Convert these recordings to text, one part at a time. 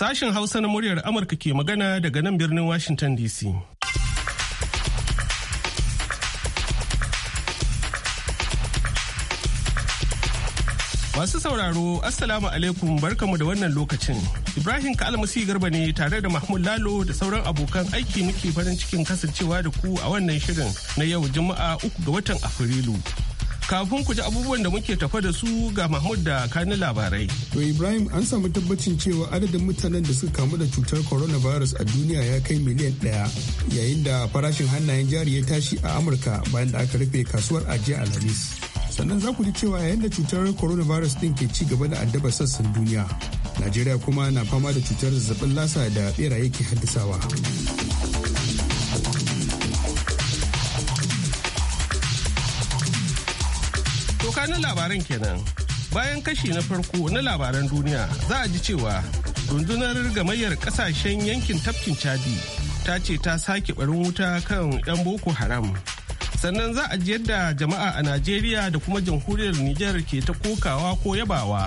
Sashen Hausa na muryar Amurka ke magana daga nan birnin Washington DC. Masu sauraro, Assalamu alaikum barkamu da wannan lokacin. Ibrahim Kalmasi Garba ne tare da Mahmud Lalo da sauran abokan aiki muke farin cikin kasancewa da ku a wannan shirin na yau Juma'a uku ga watan Afrilu. Kafin ku ji abubuwan da muke tafa da su ga Mahmud da kanin labarai. To Ibrahim an samu tabbacin cewa adadin mutanen da suka kamu da cutar coronavirus a duniya ya kai miliyan ɗaya yayin da farashin hannayen jari ya tashi a Amurka bayan da aka rufe kasuwar ajiya Alhamis. Sannan za ku ji cewa yayin da cutar coronavirus ɗin ke ci gaba da addaba sassan duniya. Najeriya kuma na fama da cutar zazzabin lasa da beraye ke haddasawa. na labaran kenan. Bayan kashi na farko na labaran duniya za a ji cewa rundunar gamayyar kasashen yankin tafkin Chadi ta ce ta sake barin wuta kan 'yan Boko Haram. Sannan za a ji yadda jama'a a Najeriya da kuma jamhuriyar Nijar ke ta kokawa ko yabawa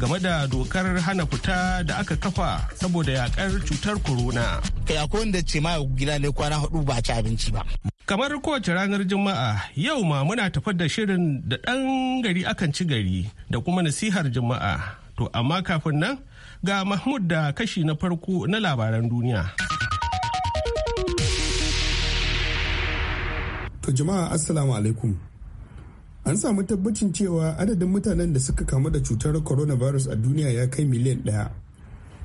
game da dokar hana fita da aka kafa saboda yakar cutar corona. Kai akwai wanda ce ma gida ne kwana hudu ba ci abinci ba. Kamar kowace ranar Juma'a yau ma muna tafar da shirin da ɗan gari akan ci gari da kuma nasihar Juma'a. To amma kafin nan ga Mahmud da kashi na farko na labaran duniya. To jama'a assalamu alaikum. an samu tabbacin cewa adadin mutanen da suka kamu da cutar coronavirus a duniya ya kai miliyan ɗaya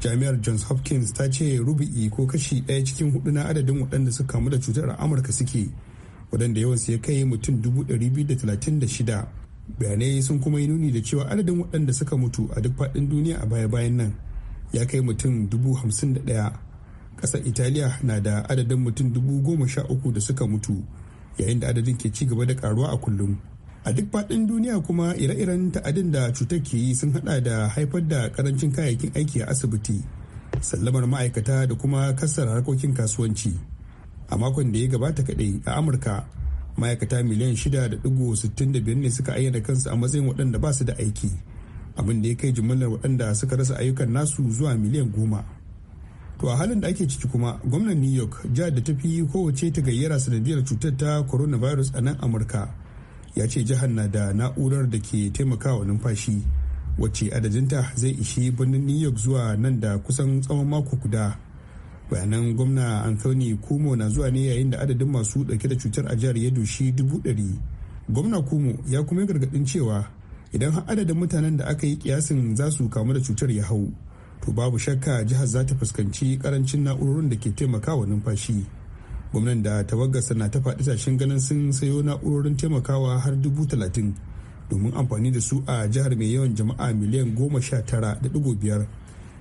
jami'ar johns hopkins ta ce rubu'i ko kashi daya cikin hudu na adadin waɗanda suka kamu da cutar a amurka suke waɗanda yawansu ya kai mutum shida. bayanai sun kuma yi nuni da cewa adadin waɗanda suka mutu a duk faɗin duniya a baya-bayan nan ya kai mutum dubu hamsin da ɗaya. ƙasar italiya na da adadin mutum dubu goma sha uku da suka mutu yayin da adadin ke ci gaba da karuwa a kullum a duk faɗin duniya kuma ire-iren ta'adin da cutar ke yi sun hada da haifar da karancin kayayyakin aiki a asibiti sallamar ma'aikata da kuma kasar harkokin kasuwanci a makon da ya gabata kaɗai a amurka ma'aikata miliyan 6.65 ne suka ayyana kansu a matsayin waɗanda ba su da aiki abin da ya kai jimillar waɗanda suka rasa ayyukan nasu zuwa miliyan goma to a halin da ake ciki kuma gwamnan new york jihar da ta fi kowace ta gayyara sanadiyar cutar ta coronavirus a nan amurka ya ce jihar na da na'urar da ke taimakawa numfashi wacce adadinta zai ishi birnin new york zuwa nan da kusan tsawon mako guda bayanan gwamna anthony kumo na zuwa ne yayin da adadin masu dauke da cutar a jihar ya doshi dubu ɗari gwamna kumo ya kuma yi gargaɗin cewa idan har adadin mutanen da aka yi kiyasin za su kamu da cutar ya hau to babu shakka jihar za ta fuskanci karancin na'urorin da ke taimakawa numfashi gwamnan da ta tawagarsa na ta faɗi tashin ganin sun sayo na'urorin taimakawa har dubu talatin domin amfani da su a jihar mai yawan jama'a miliyan goma sha tara da ɗigo biyar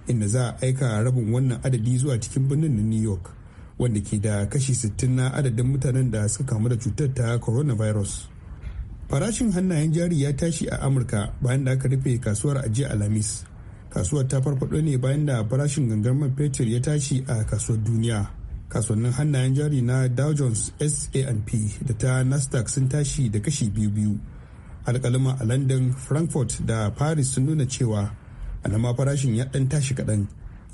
inda za a aika rabin wannan adadi zuwa cikin birnin na new york wanda ke da kashi sittin na adadin mutanen da suka kamu da cutar ta coronavirus farashin hannayen jari ya tashi a amurka bayan da aka rufe kasuwar ajiya alhamis kasuwar ta farfado ne bayan da farashin gangar man fetur ya tashi a kasuwar duniya kasuwannin hannayen jari na dow jones s&p da ta nasdaq sun tashi da kashi biyu-biyu alkalima a london frankfurt da paris sun nuna cewa alama farashin ya dan tashi kaɗan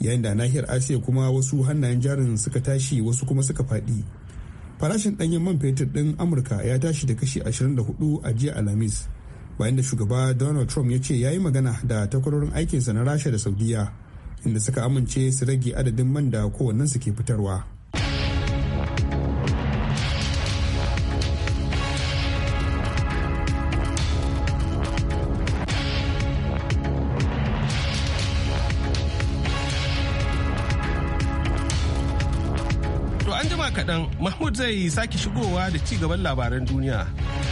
yayin da nahiyar asiya kuma wasu hannayen jarin suka tashi wasu kuma suka faɗi farashin ɗanyen man fetur ɗin amurka ya tashi da kashi 24 a jiya alhamis bayan da shugaba donald trump ya ce ya yi magana da takwarorin aikinsa na rasha da saudiya inda suka amince su rage adadin man da kowannensu ke fitarwa zai sake shigowa da ci gaban labaran duniya.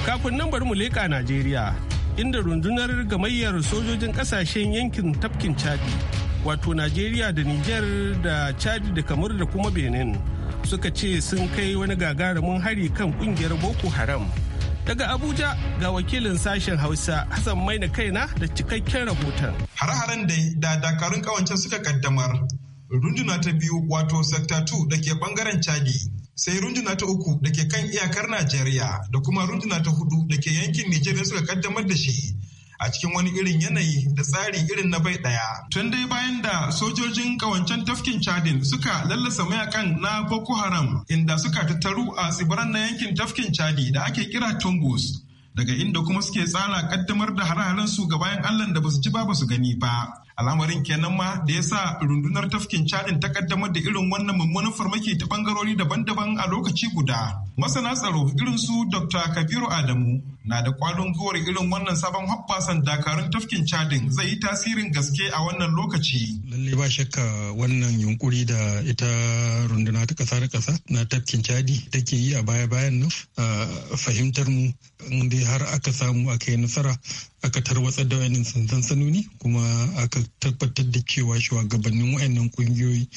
Kafin nan bari mu leƙa Najeriya, inda rundunar gamayyar sojojin ƙasashen yankin tafkin Chadi, wato Najeriya da Nijar da Chadi da Kamar da kuma Benin, suka ce sun kai wani gagarumin hari kan kungiyar Boko Haram. Daga Abuja ga wakilin sashen Hausa Hassan na kaina da cikakken rahoton. Hare-haren da dakarun kawance suka kaddamar runduna ta biyu wato sector 2 da ke bangaren Chadi sai runduna ta uku da ke kan iyakar Najeriya da kuma runduna ta hudu da ke yankin Nijeriya suka kaddamar da shi a cikin wani irin yanayi da tsari irin na bai daya. Tun dai bayan da sojojin kawancen tafkin Chadin suka lallasa mayakan na Boko Haram inda suka tattaru a tsibiran na yankin tafkin Chadi da ake kira Tungus. Daga inda kuma suke tsara kaddamar da hare su ga bayan Allah da basu ji ba su gani ba. al'amarin kenan ma da ya sa rundunar tafkin cadin ta kaddamar da irin wannan mummunan farmaki ta bangarori daban-daban a lokaci guda masana tsaro irin su dr kabiru adamu na da kwalon gwiwar irin wannan sabon hoppasan dakarun tafkin chadin zai yi tasirin gaske a wannan lokaci. lalle ba shakka wannan yunkuri da ita runduna ta kasa da kasa na tafkin chadi take yi a baya-bayan nan fahimtar mu dai har aka samu aka yi nasara aka tarwatsar da wayannan sansan sanuni kuma aka tabbatar da cewa shugabannin wayannan kungiyoyi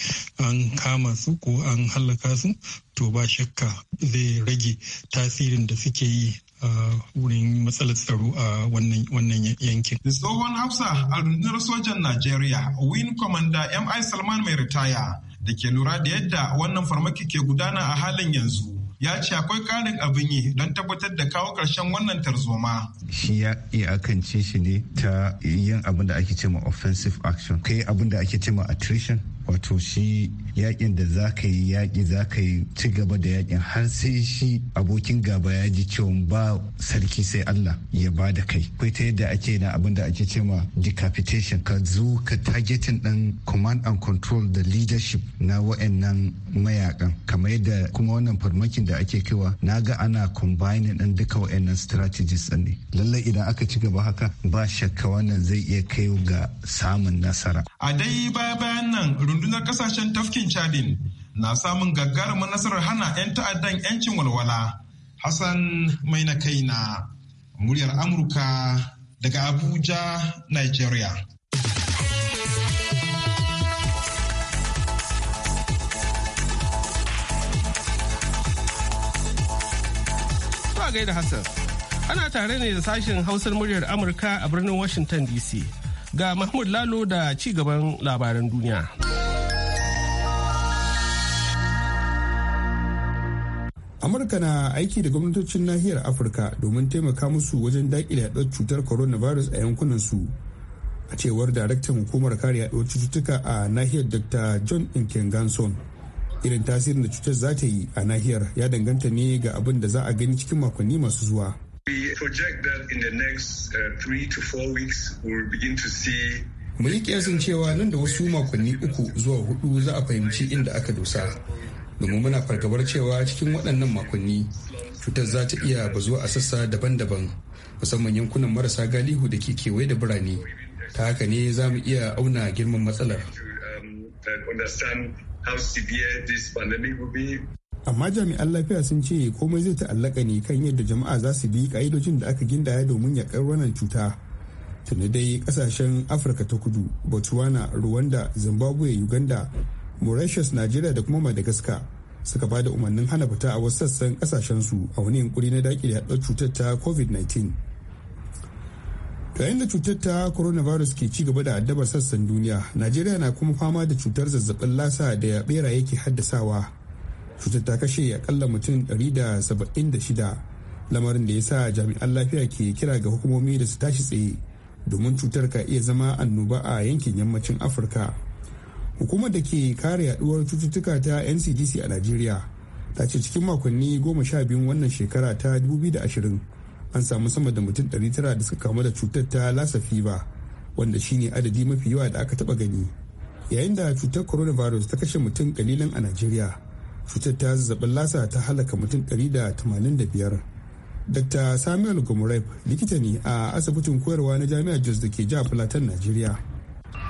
an kama su ko an halaka su to ba shakka zai rage tasirin da suke yi Uh, wurin matsalar tsaro a wannan yankin. Tsohon Hausa a rundunar sojan Najeriya, Win Commander MI Salman mai ritaya da ke lura da yadda wannan farmaki ke gudana a halin yanzu. ya ce akwai karin abin yi don tabbatar da kawo karshen wannan tarzoma. Shi ya iya iyakance shi ne ta yin abin da ake cema offensive action, kai abin da ake cema attrition wato shi yakin da za ka yi yaki za ka yi ci gaba da yakin har sai shi abokin gaba ya ji cewa ba sarki sai Allah ya ba da kai kai ta yadda ake na abin da ake cewa decapitation ka zo ka targetin din command and control da leadership na wa'annan mayakan kamar yadda kuma wannan farmakin da ake kaiwa na ga ana combining din duka wa'annan strategies din ne lallai idan aka ci gaba haka ba shakka wannan zai iya kai ga samun nasara a dai baba nan rundunar kasashen tafkin chadin na samun gagarumin manasarar hana 'yan ta'addan 'yancin walwala hassan mai na kaina muryar amurka daga abuja nigeria gaida Hassan. Ana tare ne da sashen Hausar muryar Amurka a birnin Washington DC. Ga Mahmud Lalo da ci gaban labaran duniya. Amurka na aiki da gwamnatocin nahiyar Afirka domin taimaka musu wajen daƙile yaɗuwar cutar coronavirus a yankunansu A cewar daraktan hukumar kare yaɗuwar cututtuka a nahiyar Dr. John ganson Irin tasirin da cutar za ta yi a nahiyar ya danganta ne ga abin da za a gani cikin makonni masu zuwa. We that uh, mu yi kiyasin cewa nan da wasu makonni uku zuwa hudu za a fahimci inda aka dosa domin muna fargabar cewa cikin waɗannan makonni cutar za ta iya bazuwa a sassa daban-daban musamman yankunan marasa galihu da ke kewaye da birane ta haka ne za mu iya auna girman matsalar um, uh, amma jami'an lafiya sun ce komai zai ta'allaka ne kan yadda jama'a za su bi ka'idojin da aka gindaya domin yakar wannan cuta tuni dai kasashen afirka ta kudu botswana rwanda zimbabwe uganda mauritius nigeria da kuma madagascar suka ba da umarnin hana fita a wasu sassan kasashen su a wani yunkuri na dakile yaɗar cutar ta covid-19 yayin da cutar ta coronavirus ke ci gaba da addabar sassan duniya najeriya na kuma fama da cutar zazzabin lasa da beraye ke haddasawa cutar ta kashe akalla mutum 176 lamarin da ya sa jami'an lafiya ke kira ga hukumomi da su tashi tsaye domin cutar ka iya zama annoba a yankin yammacin afirka hukumar da ke kare yaduwar cututtuka ta ncdc a najeriya ta ce cikin makonni goma sha biyun wannan shekara ta 2020 an samu sama da mutum 900 da suka kamu da cutar ta lasa fiba wanda shine adadi mafi yawa da aka taba gani yayin da cutar coronavirus ta kashe mutum kalilan a najeriya fitar ta zazzabin lasa ta halaka mutum 185 dr samuel gomurai likita ne a asibitin koyarwa na jami'ar jos da ke jihar plateau najeriya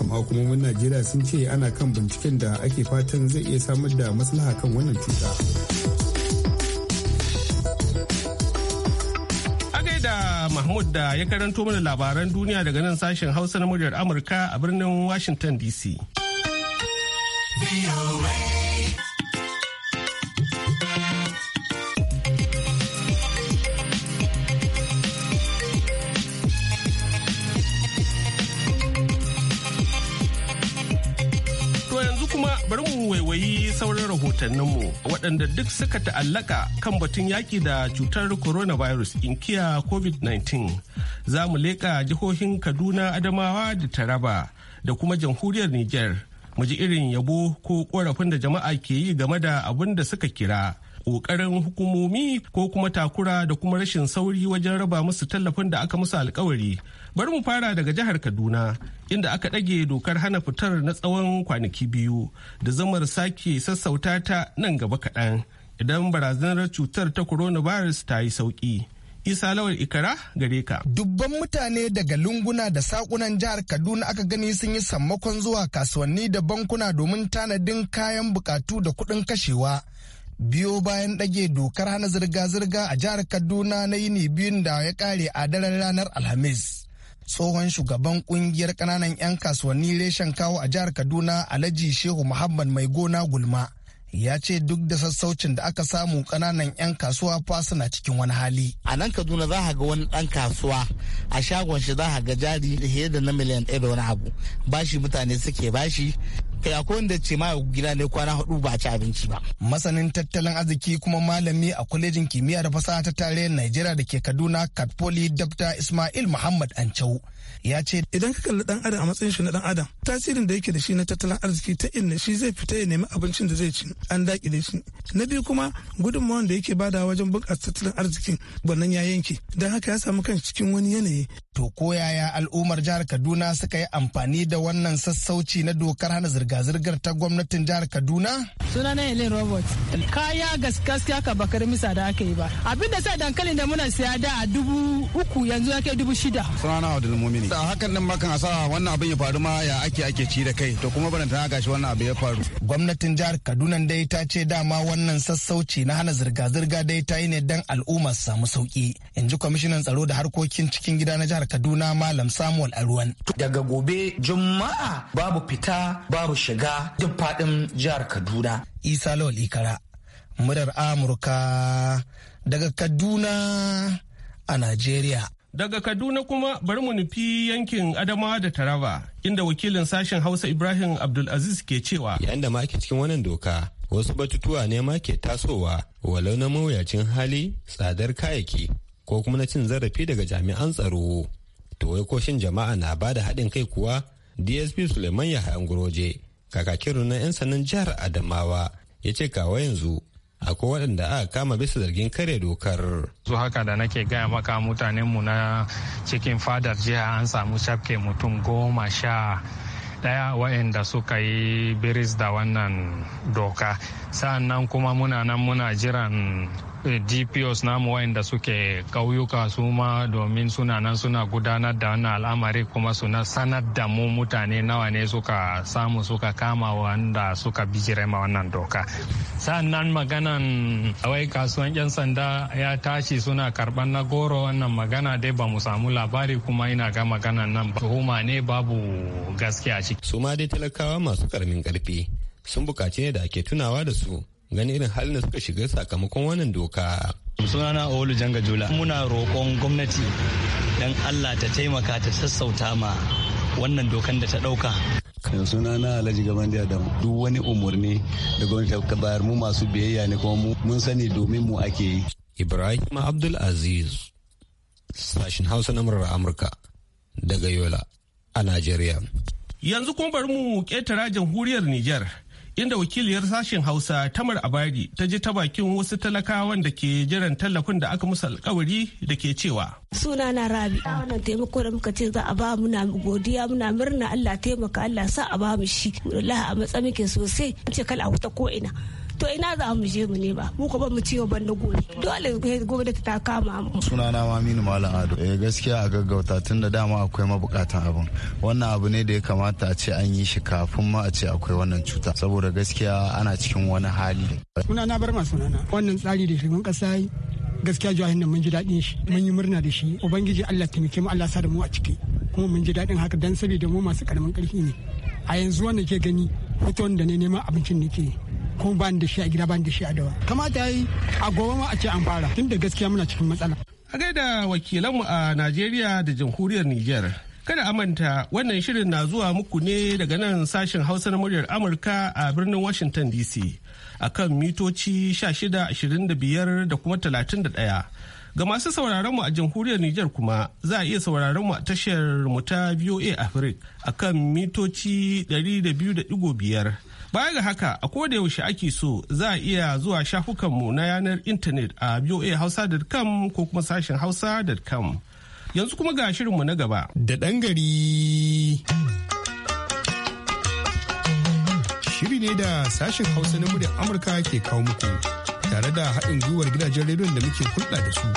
amma hukumomin najeriya sun ce ana kan binciken da ake fatan zai iya samar da maslaha kan wannan cuta da mahmud da ya karanto mana labaran duniya daga nan sashen hausa na muryar amurka a birnin washington dc. kuma bari mu waiwayi sauran rahotanninmu waɗanda duk suka ta'allaka kan batun yaƙi da cutar coronavirus kiya covid-19 za mu leƙa jihohin kaduna adamawa da taraba da kuma jamhuriyar niger mu ji irin yabo ko ƙorafin da jama'a ke yi game da abin da suka kira ƙoƙarin hukumomi ko kuma takura da kuma rashin sauri wajen raba musu tallafin da aka musu alkawari Bari mu fara daga jihar Kaduna inda aka ɗage dokar hana fitar na tsawon kwanaki biyu da zamar sake sassauta ta nan gaba kaɗan idan barazanar cutar ta coronavirus ta yi sauki Isa Lawal Ikara gare ka. Dubban mutane daga lunguna da sakunan jihar Kaduna aka gani sun yi sammakon zuwa kasuwanni da bankuna domin tanadin kayan bukatu da kuɗin kashewa. biyo bayan ɗage dokar hana zirga-zirga a jihar kaduna na yini biyun da ya ƙare a daren ranar alhamis tsohon shugaban kungiyar kananan 'yan kasuwanni reshen kawo a jihar kaduna alhaji shehu muhammad mai gona gulma ya ce duk da sassaucin da aka samu kananan 'yan kasuwa fa suna cikin wani hali. A nan Kaduna za ka ga wani dan kasuwa a shagon shi za ka ga jari da na miliyan ɗaya da wani abu. Bashi mutane suke bashi kai a wanda ce ma gida ne kwana hudu ba ci abinci ba. Masanin tattalin arziki kuma malami a kwalejin kimiyya da fasaha ta tarayyar Najeriya da ke Kaduna Katfoli Dabta Ismail Muhammad Ancau ya ce idan ka kalli dan adam a matsayin shi na dan adam tasirin da yake da shi na tattalin arziki ta inna shi zai fita ya nemi abincin da zai ci an dakile shi na biyu kuma gudunmawar da yake bada wajen bunƙasa tattalin arzikin wannan ya yanke don haka ya samu kan cikin wani yanayi to ko yaya al'ummar jihar Kaduna suka yi amfani da wannan sassauci na dokar hana zirga zirga-zirgar ta gwamnatin jihar Kaduna? na Helen Robert. Kaya gaskiya ka bakar misa da aka yi ba. Abin da sai dankalin da muna siya da a dubu uku yanzu ya kai dubu shida. suna na Abdul Mumini. Da hakan nan makan asa wannan abin ya faru ma ya ake ake ci da kai to kuma barantana ga shi wannan abin ya faru. Gwamnatin jihar Kaduna dai ta ce dama wannan sassauci na hana zirga-zirga dai ta yi ne dan al'umma su samu sauki. In ji kwamishinan tsaro da harkokin cikin gida na jihar Kaduna Malam Samuel Aruwan. Daga gobe Juma'a babu fita babu shiga duk faɗin jihar Kaduna. Isa Lawal Ikara, murar Amurka daga Kaduna a Najeriya. Daga Kaduna kuma bari mu nufi yankin Adamawa da Taraba, inda wakilin sashen Hausa Ibrahim Abdulaziz ke cewa. Yayin da ma ke cikin wannan doka, wasu batutuwa ne ma ke tasowa, wa launin mawuyacin hali, tsadar kayaki, ko kuma na cin zarafi daga jami'an tsaro. To wai koshin jama'a na ba da haɗin kai kuwa DSP Suleiman Yahaya Ngoroje kakakin na 'yan sannan jihar adamawa ya ce kawo yanzu akwai waɗanda aka kama bisa zargin kare dokar. su haka da nake gaya maka mutanen mu na cikin fadar jiha an samu shafke mutum goma sha daya waɗanda suka yi biris da wannan doka sa'annan kuma muna nan muna jiran dpos eh, namu wayanda suke ƙauyuka su ma domin suna nan suna gudanar da wannan al'amari kuma suna sanar da mu mutane nawa ne suka samu suka kama wanda suka bijire ma wannan doka sannan maganan wai kasuwan yan sanda ya tashi suna karban na goro wannan magana dai ba mu samu labari kuma ina ga maganan nan tuhuma ne babu gaskiya ciki su ma dai talakawa masu karamin karfi sun bukaci ne da ake tunawa da su gani irin halin da suka shiga sakamakon wannan doka. sunana Olu Janga Jula muna roƙon gwamnati don Allah ta taimaka ta sassauta ma wannan dokan da ta ɗauka. suna na alhaji gaban da duk wani umarni da gwamnati ka bayar mu masu biyayya ne kuma mun sani domin mu ake yi. Ibrahim Abdul Aziz sashin Hausa na murar Amurka daga Yola a Najeriya. Yanzu kuma bari mu ƙetara jamhuriyar Nijar. inda wakiliyar sashen hausa tamar abari ta ji ta bakin wasu talakawan da ke jiran tallafin da aka musu alkawari da ke cewa suna na rabi wannan taimako da muka ce za a ba mu na godiya muna murna allah taimaka allah sa a ba mu shi wallahi a matsa muke sosai ce kala a wuta ko ina to ina za mu je mu ne ba mu ko ba mu ciwo ban da gobe dole gobe ta kama mu na Maminu Malam Ado eh gaskiya a gaggauta tun da dama akwai mabukatan abin wannan abu ne da ya kamata a ce an yi shi kafin ma a ce akwai wannan cuta saboda gaskiya ana cikin wani hali Suna na bar ma sunana wannan tsari da shugaban kasa gaskiya jahin nan mun ji daɗin shi mun yi murna da shi ubangiji Allah taimake mu Allah sa da mu a ciki kuma mun ji daɗin haka dan saboda mu masu karamin karfi ne a yanzu wannan ke gani fitowar da ne neman abincin nake kuma ba da shi a gida ba da shi a dawa kamata yi a gobe ma a ce an fara tun da gaskiya muna cikin matsala a gaida wakilanmu a najeriya da jamhuriyar niger kada a manta wannan shirin na zuwa muku ne daga nan sashen hausa na muryar amurka a birnin washington dc akan mitoci 1625 da kuma 31 ga masu sauraron mu a jamhuriyar Nijar kuma za a iya sauraron mu a tashar mu ta VOA Africa akan mitoci 200.5 Baya ga haka a koda yaushe ake so za a iya zuwa shafukanmu na yanar intanet a voahausa.com ko kuma sashen hausa.com. Yanzu kuma ga shirinmu na gaba. Da ɗan gari. Shiri ne da sashen hausa na muryar Amurka ke kawo muku tare da haɗin gwiwar gidajen rediyon da muke hulɗa da su.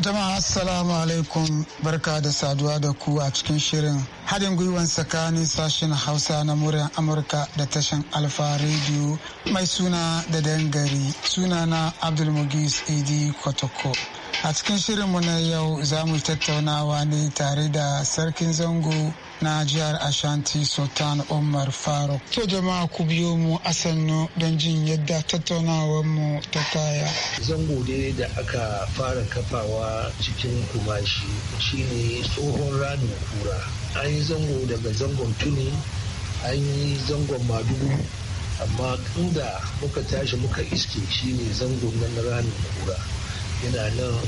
Jama'a Assalamu alaikum barka da saduwa da ku a cikin shirin Hadin gwiwan tsakanin sashen hausa na muryar amurka da tashan alfa radio mai suna da dangari sunana abdulmugis ad kotoko a cikin shirinmu na yau za mu tattaunawa ne tare da sarkin zango na jihar ashanti sultan umar faruk to jama'a ku biyo mu sannu don jin yadda tattaunawar mu ta kaya zango ne da aka fara kafawa cikin kumashi shine tsohon ranin kura an yi zango daga zangon tuni an yi zangon madugu amma inda muka tashi muka iske shine zangon nan ranar kura yana nan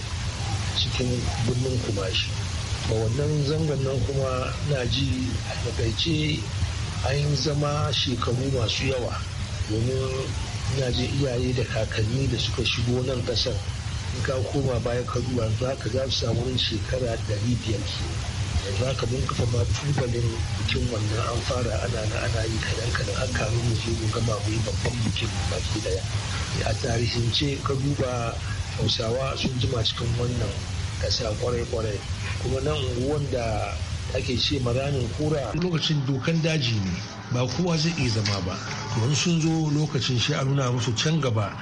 cikin birnin kumashi ba wannan zangon nan kuma na ji a takaice an zama shekaru masu yawa domin na ji iyaye da kakanni da suka shigo nan kasar in ka koma baya ka duba haka za su samu shekara 500 ke za ka mun kafa ma tubalin bikin wannan an fara ana na ana yi kadan kadan an kamin mu je mu gama mu yi babban bikin baki daya a ce ka duba hausawa sun jima cikin wannan kasa kwarai kwarai kuma nan unguwan da ake ce maranin kura lokacin dokan daji ne ba kowa zai iya zama ba to sun zo lokacin shi a nuna musu can gaba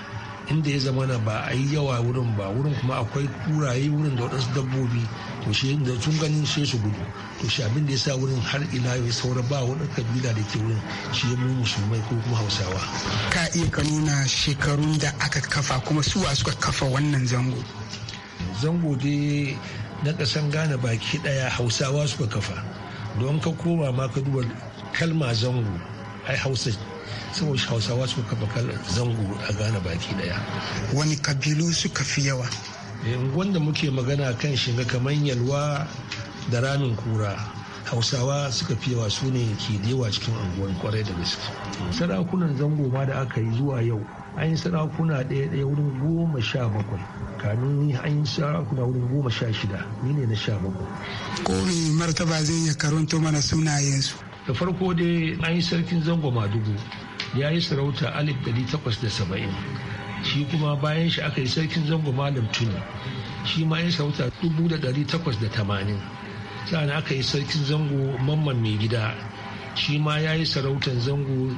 inda ya zama na ba a yi yawa wurin ba wurin kuma akwai kuraye wurin da waɗansu dabbobi to shi da tun ganin sai su gudu to shi abin da ya sa wurin har ila ya saura ba wani kabila da ke wurin shi ya mu musulmai ko kuma hausawa ka iya ka nuna shekarun da aka kafa kuma suwa suka kafa wannan zango zango dai na kasan gane baki daya hausawa suka kafa don ka koma ma ka duba kalma zango ai hausa saboda hausawa suka kafa zango a gane baki daya wani kabilu suka fi yawa Eh, wanda muke magana kan shiga kamar yalwa da ramin kura hausawa suka fi yawa su ne ke dewa cikin unguwan kwarai da gaske sarakunan zango ma da aka yi zuwa yau an yi sarakuna ɗaya ɗaya wurin goma sha bakwai kanun an yi sarakuna wurin goma sha shida ni ne na sha bakwai ko me martaba zai yi karanto mana sunayensu da farko dai an yi sarkin zango madugu ya yi sarauta alif ɗari takwas da saba'in shi kuma bayan shi aka yi sarkin zango malam tuni shi ma ya sauta 1880 sa'an aka yi sarkin zango mamman mai gida shi ma ya yi sarautar zango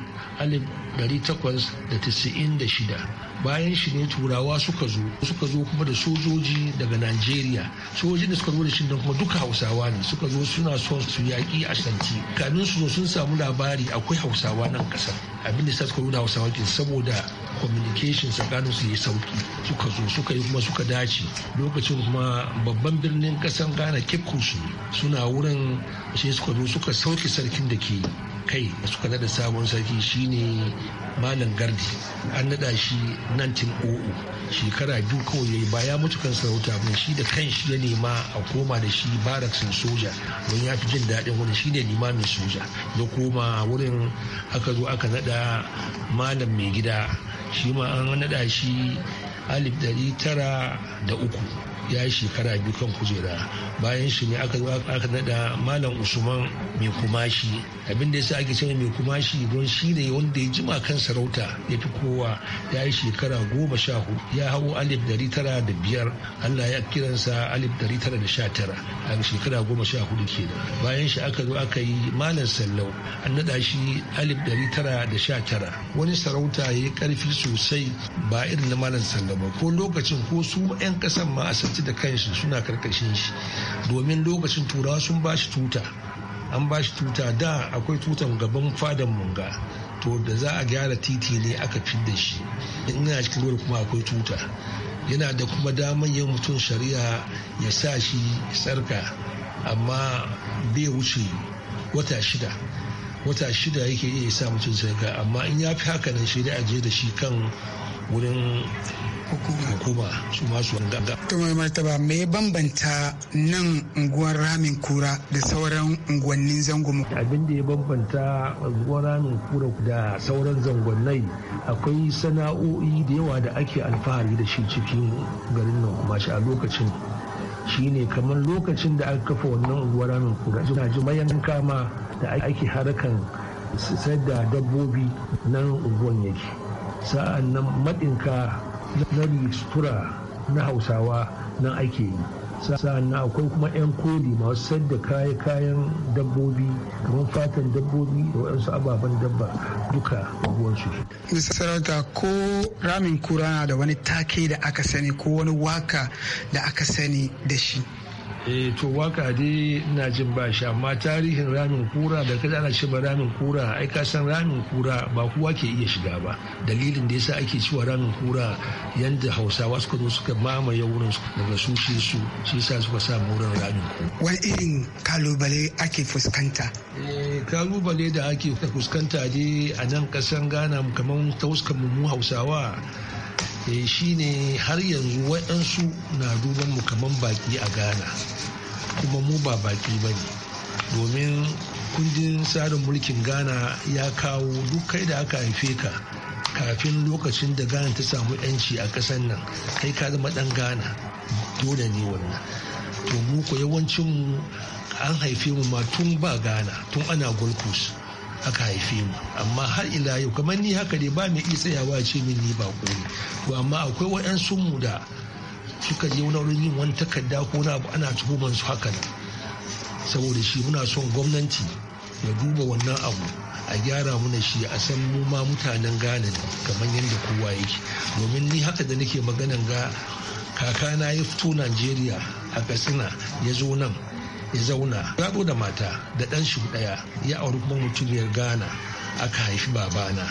shida. bayan shi ne turawa suka zo suka zo kuma da sojoji daga najeriya sojoji da suka zo da shi kuma duka hausawa ne suka zo suna son su yaƙi a shanti kamin su zo sun samu labari akwai hausawa nan kasar abin da suka nuna hausawa ke saboda communication tsakanin su yi sauki suka zo suka yi kuma suka dace lokacin kuma babban birnin kasar ghana kekusu suna wurin shi suka zo suka sauke sarkin da ke yi. kai da suka nada sabon sarki shine malam gardi an nada shi 1900 shekara biyu kawai yayi ba ya mutu kan sarauta ba shi da kanshi ya nema a koma da shi baraksin soja don ya fi jin daɗin wani shine limamin soja ya koma wurin aka zo aka nada malam mai gida shi ma an nada shi alif tara da uku ya yi shekara biyu kan kujera bayan shi ne aka naɗa nada malam usman mai kumashi abinda ya sa ake cewa mai kumashi don shi ne wanda ya jima kan sarauta ya fi kowa ya yi shekara goma sha hudu ya hau alif dari tara da biyar allah ya kiransa alif dari tara da sha tara a shekara goma sha hudu kenan bayan shi aka zo aka yi malam sallau an nada shi alif dari tara da sha tara wani sarauta ya yi karfi sosai ba irin na malam sallau ba ko lokacin ko su 'yan kasan ma a gwamnati da kansu suna karkashin shi domin lokacin turawa sun ba shi tuta an ba shi tuta da akwai tutan gaban fadan munga to da za a gyara titi ne aka fi da shi in yana cikin ruwan kuma akwai tuta yana da kuma daman yin mutum shari'a ya sa shi tsarka amma bai wuce wata shida wata shida yake iya sa mutum tsarka amma in ya fi haka nan shari'a je da shi kan wurin kuma su masu ganga. to mai martaba me ya bambanta nan unguwar ramin kura da sauran unguwannin zango abin da ya bambanta unguwar ramin kura da sauran zangonnai akwai sana'o'i da yawa da ake alfahari da shi cikin garin nan kuma shi a lokacin shine kamar lokacin da aka kafa wannan unguwar ramin kura suna ji kama da ake harkan sayar da dabbobi nan unguwan yake sa'an nan maɗinka na sutura na hausawa nan ake yi sa'an akwai kuma 'yan koli masu sayar da kayan kayan dabbobi kamar fatan dabbobi da waɗansu ababen dabba duka unguwarsu. Mr. Sarauta ko ramin kura na da wani take da aka sani ko wani waka da aka sani da shi. eh to waka dai ina jin ba shi amma tarihin ramin kura da kada ana cewa ramin kura ai ka san ramin kura ba kowa ke iya shiga ba dalilin da yasa ake cewa ramin kura yanda hausawa suka zo suka mamaye wurin su daga su shi su shi yasa suka sa muran ramin kura wani irin kalubale ake fuskanta eh, kalubale da ake fuskanta dai a nan kasan Ghana kamar ta mu hausawa Eh, shine har yanzu waɗansu na duban mu kamar baki a ghana kuma mu ba baki ba ne domin kundin tsarin mulkin ghana ya kawo duk kai da aka haife ka kafin lokacin da ghana ta samu 'yanci a ƙasar nan kai ka zama ɗan ghana dole ne wannan to mu ko yawancin mu an haife mu ma tun ba ghana tun ana gold aka haife mu amma har ila yau kamar ni haka dai ba mai tsayawa ce min ni ba ne to amma akwai waɗansu mu da suka je wani wurin yin wani takarda ko na abu ana tuhuman su haka nan saboda shi muna son gwamnati ya duba wannan abu a gyara muna shi a san mu ma mutanen Ghana ne kamar yadda kowa yake domin ni haka da nake maganan ga kakana ya fito Najeriya a Katsina ya zo nan ya zauna rabo da mata da ɗan shi ɗaya ya auri kuma mutumiyar gana aka haifi babana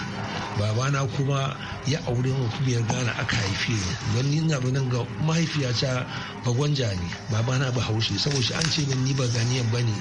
babana kuma ya auri mutumiyar gana aka haifi don ni na nan ga mahaifiyata bagon ne babana ba haushe saboda an ce min ni ba ganiyan ba ne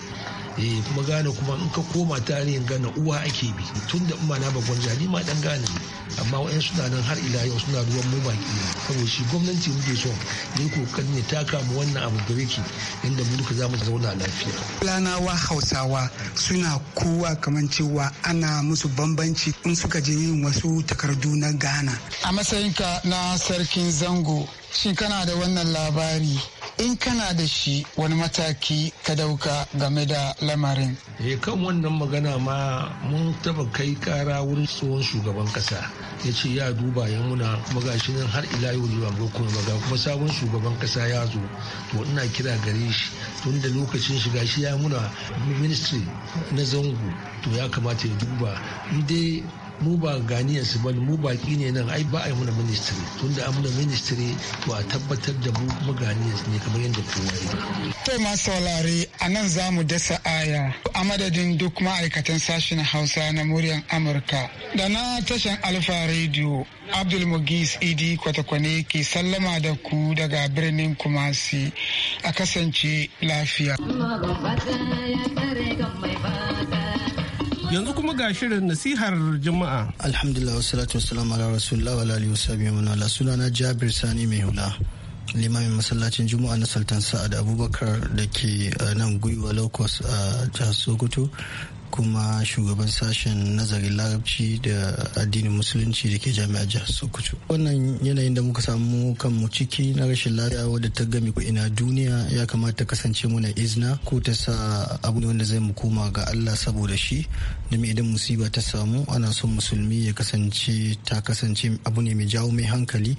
eh kuma gane kuma in ka koma tarihin gane uwa ake bi tun da umma na bagon ni ma dan gane ne amma wa'yan suna nan har ila yau suna ruwan mu baki saboda shi gwamnati muke so ne kokarin ya taka mu wannan abu birki inda mu duka zamu zauna lafiya lanawa hausawa suna kowa kamar cewa ana musu bambanci in suka je yin wasu takardu na ghana a matsayinka na sarkin zango Shin kana da wannan labari in kana da shi wani mataki ka dauka game da lamarin. E kan wannan magana ma mun taba kai kara wurin tsohon shugaban kasa ya ce ya duba ya muna kuma gashi nan har ila yau ne ba kuma maga kuma sabon shugaban kasa ya zo to ina kira gare shi tun da lokacin shiga shi ya muna ministry na zango to ya kamata ya duba in dai mu ba a su mu baki ne nan ai ba a yi muna ministry tun da amuna ministry ba a tabbatar da mu kuma ganiyar ne kamar yadda kowa ya to masu saurare a nan za mu dasa aya a madadin duk ma'aikatan sashen hausa na muryan amurka da na tashan alfa radio abdul mugis idi kwatakwane ke sallama da ku daga birnin kumasi a kasance lafiya. Yanzu kuma ga shirin nasihar Juma'a. Alhamdulillah wassalatu wassalamu ala rasulullah wa alihi wasahbihi wa ala sunana Jabir Sani mai hula. limamin masallacin juma'a na sultan sa'ad abubakar da ke uh, nan gwiwa locus a uh, jihar sokoto kuma shugaban sashen nazarin larabci da addinin musulunci da ke jami'ar jihar sokoto wannan yanayin da muka samu kanmu ciki na rashin lafiya wadda ta gami ko ina duniya ya kamata kasance muna izina ko ta sa abu wanda zai mu koma ga allah saboda shi da idan musiba ta samu ana son musulmi ya kasance ta kasance abu ne mai jawo mai hankali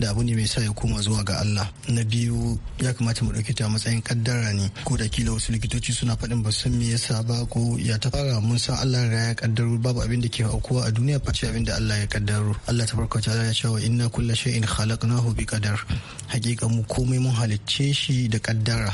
da abu ne mai sa ya koma zuwa ga allah na biyu ya kamata mu ɗauki ta matsayin kaddara ne ko da kila wasu likitoci suna faɗin ba san me yasa ba ko ya ta fara mun san Allah ya kaddaro babu abin da ke aukuwa a duniya face abin da Allah ya kaddaro Allah tabaraka ta'ala ya cewa inna kulla shay'in khalaqnahu bi qadar hakika mu komai mun halicce shi da kaddara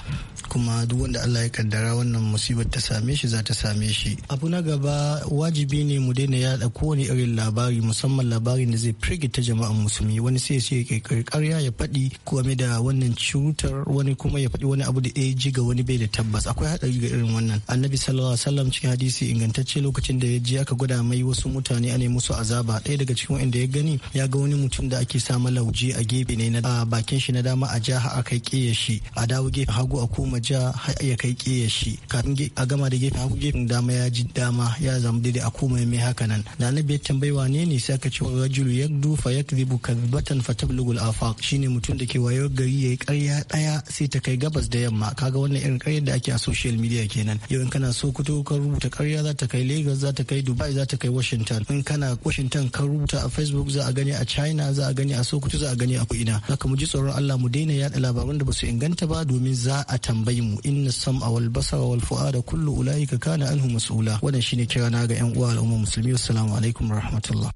kuma duk wanda Allah ya kaddara wannan musibar ta same shi za ta same shi abu na gaba wajibi ne mu daina yada kowane irin labari musamman labarin da zai firgita jama'an musulmi wani sai sai kai karya ya faɗi game da wannan cutar wani kuma ya faɗi wani abu da ya ji ga wani bai da tabbas akwai haɗari ga irin wannan annabi sallallahu alaihi wasallam cikin hadisi hadisi ingantacce lokacin da ya je aka gwada mai wasu mutane ne musu azaba ɗaya daga cikin wanda ya gani ya ga wani mutum da ake sama lauje a gefe ne na bakin shi na dama a ja a kai ƙeya shi a dawo gefe hagu a koma ja ya kai ƙeya shi kafin a gama da gefe hagu gefen dama ya ji dama ya zama daidai a koma mai haka nan da na biyar tambayi wane ne sai aka ce rajulu yakdu fa yakdhibu kadbatan batan tablughu al-afaq shine mutum da ke wayo gari yayi karya ɗaya sai ta kai gabas da yamma kaga wannan irin ƙaryar da ake a social media kenan yau in kana so kuto ka rubuta ƙarya za ta kai Lagos za ta kai Dubai za ta kai Washington in kana Washington ka rubuta a Facebook za a gani a China za a gani a Sokoto za a gani a ko'ina haka mu ji tsoron Allah mu daina yada labaran da ba su inganta ba domin za a tambayi mu inna sam'a wal basara wal fu'ada kullu ka kana anhu mas'ula wannan shine kira na ga yan uwa al'umma musulmi assalamu alaikum rahmatullah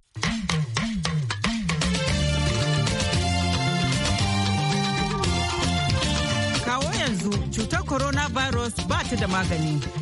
kawo yanzu cutar coronavirus ba ta da magani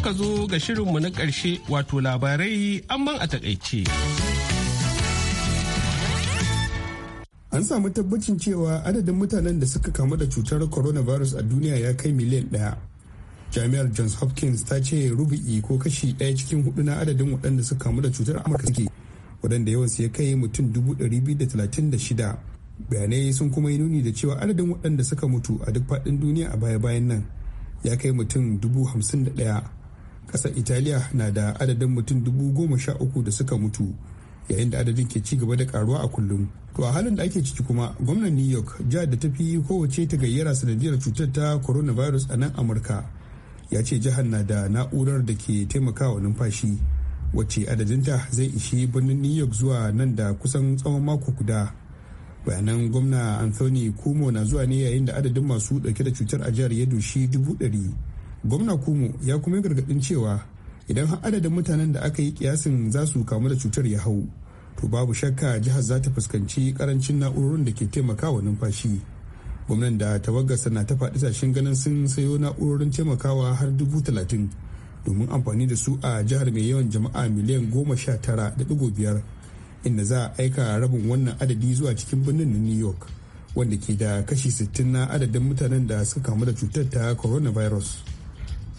muka zo ga shirinmu na ƙarshe wato labarai amman a takaice. An samu tabbacin cewa adadin mutanen da suka kamu da cutar coronavirus a duniya ya kai miliyan ɗaya. Jami'ar Johns Hopkins ta ce rubu'i ko kashi ɗaya cikin hudu na adadin waɗanda suka kamu da cutar Amurka suke, waɗanda yawansu ya kai mutum dubu ɗari biyu da talatin da shida. Bayanai sun kuma yi nuni da cewa adadin waɗanda suka mutu a duk faɗin duniya a baya-bayan nan ya kai mutum dubu hamsin da ɗaya ƙasar italiya na da adadin mutum dubu goma sha uku da suka mutu yayin da adadin ke ci gaba da karuwa a kullum to a halin da ake ciki kuma gwamnan new york jihar da ta fi kowace ta gayyara sanadiyar cutar ta coronavirus a nan amurka ya ce jihar na da na'urar da ke taimakawa numfashi wacce adadinta zai ishi birnin new york zuwa nan da kusan tsawon mako guda bayanan gwamna anthony kumo na zuwa ne yayin da adadin masu dauke da cutar a jihar ya dushi dubu ɗari gwamna kumo ya kuma yi gargaɗin cewa idan har adadin mutanen da aka yi kiyasin za su kamu da cutar ya hau to babu shakka jihar za ta fuskanci karancin na'urorin da ke taimakawa numfashi gwamnan da ta tawagarsa na ta faɗi tashin ganin sun sayo na'urorin taimakawa har dubu talatin domin amfani da su a jihar mai yawan jama'a miliyan goma sha tara da ɗigo biyar inda za a aika rabin wannan adadi zuwa cikin birnin na new york wanda ke da kashi 60 na adadin mutanen da suka kamu da cutar ta coronavirus.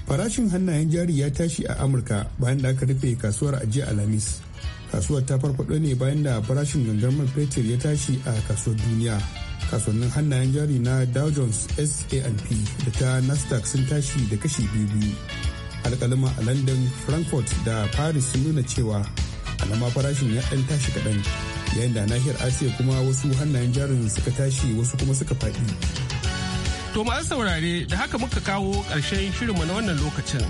farashin hannayen jari ya tashi a amurka bayan da aka rufe kasuwar a jiya alhamis kasuwar ta farfaɗo ne bayan da farashin gangar man fetur ya tashi a kasuwar duniya kasuwannin hannayen jari na dow jones s&p da ta nasdaq sun tashi da kashi biyu biyu alkalima a london frankfurt da paris sun nuna cewa alama farashin ya dan tashi kaɗan yayin da nahiyar asiya kuma wasu hannayen jarin suka tashi wasu kuma suka faɗi To masu saurare da haka muka kawo ƙarshen shirinmu na wannan lokacin.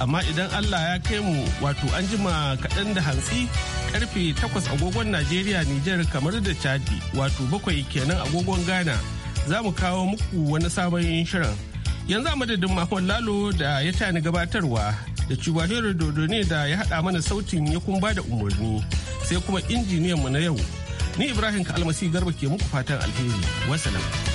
Amma idan Allah ya kai mu wato an jima kaɗan da hantsi karfe takwas agogon Najeriya Nijar kamar da Chadi wato bakwai kenan agogon Ghana za mu kawo muku wani sabon shirin. Yanzu a madadin makon Lalo da ya tani gabatarwa da Cubahiru Dodo ne da ya haɗa mana sautin ya kuma da umarni sai kuma injiniyan mu na yau. Ni Ibrahim Kalmasi Garba ke muku fatan alheri. Wasalam.